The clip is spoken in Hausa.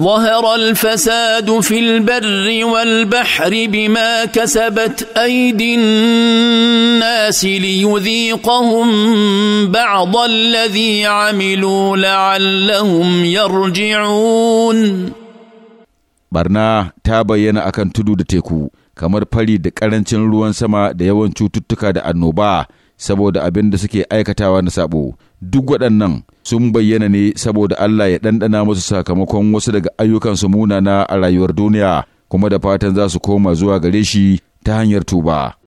ظهر الفساد في البر والبحر بما كسبت ايدي الناس ليذيقهم بعض الذي عملوا لعلهم يرجعون barna ta bayyana akan tudu da teku kamar fari da ƙarancin ruwan sama da yawan cututtuka da annoba saboda abin da suke aikatawa na sabo duk waɗannan sun bayyana ne saboda Allah ya ɗanɗana musu sakamakon wasu daga ayyukansu munana a rayuwar duniya kuma da fatan za su koma zuwa gare shi ta hanyar tuba.